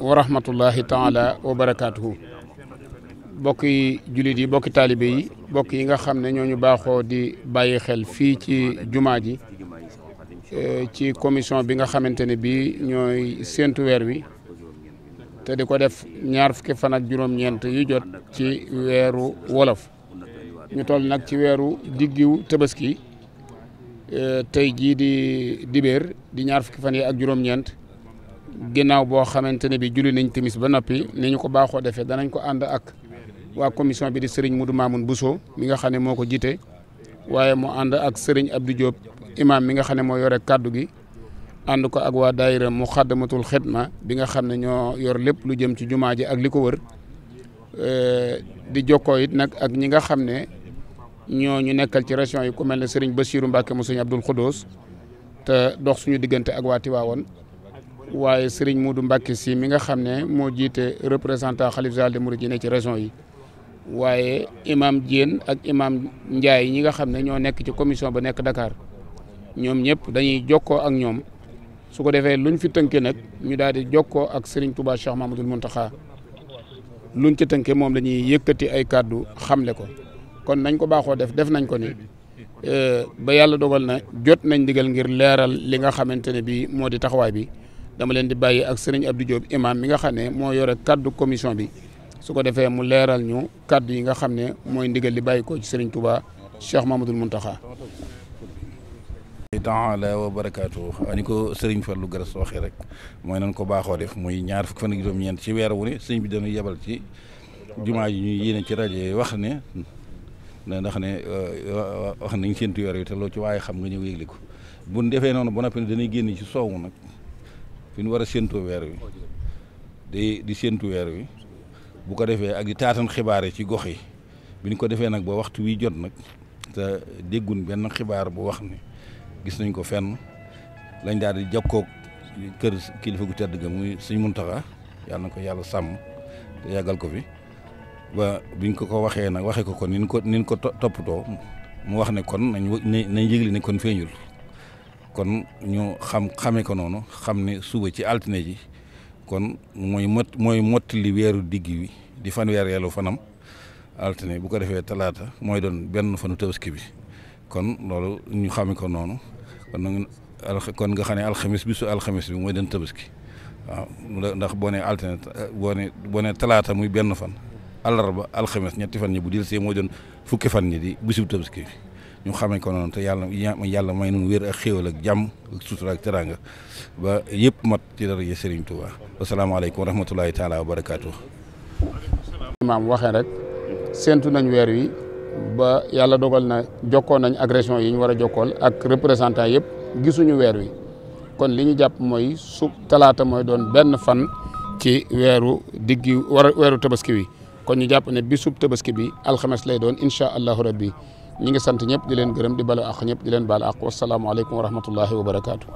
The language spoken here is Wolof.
wa rahmatullahi taala wa barakaatuhu bokki jullit yi bokki taalibe yi bokk yi nga xam ne ñoo ñu baaxoo di bàyyi xel fii ci jumaa ji e, ci commission bi nga xamante ne bii ñooy séentu weer wi te di ko def ñaar fukki fan ak juróom-ñeent yu jot ci weeru wolof ñu toll nag ci weeru diggiw tabaski e, tey ji di dibéer di ñaar fukki fan yi ak juróom-ñeent ginnaaw boo xamante ne bi julli nañ timis ba noppi ni ñu ko baaxoo defee danañ ko ànd ak waa commission bi di Serigne Moudou Mamoun Bousso mi nga xam ne moo ko jite waaye mu ànd ak Serigne Abdou Diop imam mi nga xam ne moo yore kàddu gi ànd ko ak waa daayira mu xaddamatul xidma bi nga xam ne ñoo yor lépp lu jëm ci jumaa ji ak li ko wër di jokkoo it nag ak ñi nga xam ne ñoo ñu nekkal ci région yi ku mel ne Serigne Bassirou Mbacke mu Serigne Abdoul Khoudous te dox suñu diggante ak waa Tiwaawoon waaye Serigne Modou Mbacké si mi nga xam ne moo jiite représentant xalif général des mourides ne ci région yi waaye imam Diène ak imam Ndiaye ñi nga xam ne ñoo nekk ci commission ba nekk Dakar ñoom ñëpp dañuy jokkoo ak ñoom su ko defee luñ fi tënkee nag ñu daal di jokkoo ak Serigne Touba Cheikh Mahmadul Mountakha luñ ci tënkee moom dañuy yëkkati ay kàddu xamle ko kon nañ ko baaxoo def def nañ ko ni euh, ba yàlla dogal na jot nañ digal ngir leeral li nga xamante ne bii moo di taxawaay bi. dama leen di bàyyi ak sëriñ abdu Diop imam mi nga xam ne moo yore kaddu commission bi su ko defee mu leeral ñu kaddu yi nga xam ne mooy ndigal li bàyyi ko ci sëriñ Touba Cheikh Mamadou Mountakha taala wa barakaatu ani ko sëriñ Fallou Garas waxee rek mooy nan ko baaxoo def muy ñaar fukki fan ak juróom-ñeent ci weer wu ne sëñ bi dana yebal ci jumaa yi ñuy yéene ci rajo yi wax ne ndax ne wax nañ seentu weer yi te loo ci waaye xam nga ñëw yëgle ko bu defee noonu ba noppi danay génn ci soowu nag fi nu war a séntu weer wi di di séntu weer wi bu ko defee ak di taatan xibaar yi ci gox yi bi ñu ko defee nag ba waxtu wi jot nag te déggun benn xibaar bu wax ne gis nañ ko fenn lañ daal di jokkoog kër kilifa gu tedd ga muy Sëñ Muntaxa yàlla na ko yàlla sàmm te yàggal ko fi ba biñ ko ko waxee nag waxe ko kon ni ñu ko ni ñu ko toppatoo mu wax ne kon nañ nañ yëgle ne kon feeñul. kon ñu xam xame ko noonu xam ne suba ci altine ji kon mooy mot mooy mottali weeru digg wi di fan weer yàlla fanam altine bu ko defee talaata mooy doon benn fanu tabaski bi kon loolu ñu xame ko noonu kon nag kon nga xam ne alxamis bi su bi mooy doon tabaski waaw ndax boo nee altine boo nee boo nee talaata muy benn fan àllarba alxamis ñetti fan ñi bu dil see mooy doon fukki fan ñi di bisub tabaski bi ñu xamee ko noonu te yàlla yàlla may nun wér ak xéewal ak jàmm ak sutura ak teraanga ba yëpp mat ci dara ji Serigne Touba asalaamaaleykum wa rahmatulahi taala wa barakaatu. waxee rek séntu nañ weer wi ba yàlla dogal na jokkoon nañ ak région yi ñu war a jokkool ak représentant yëpp gisuñu weer wi kon li ñu jàpp mooy su talaata mooy doon benn fan ci weeru diggi war weeru tabaski wi kon ñu jàpp ne bi bisub tabaski bi alxames lay doon incha allahu rabbi ñi ngi sant ñëpp di leen gërëm di bala àq ñëpp di leen baal àq wasalaamualeykum wa rahmatullahi wa barakaatu.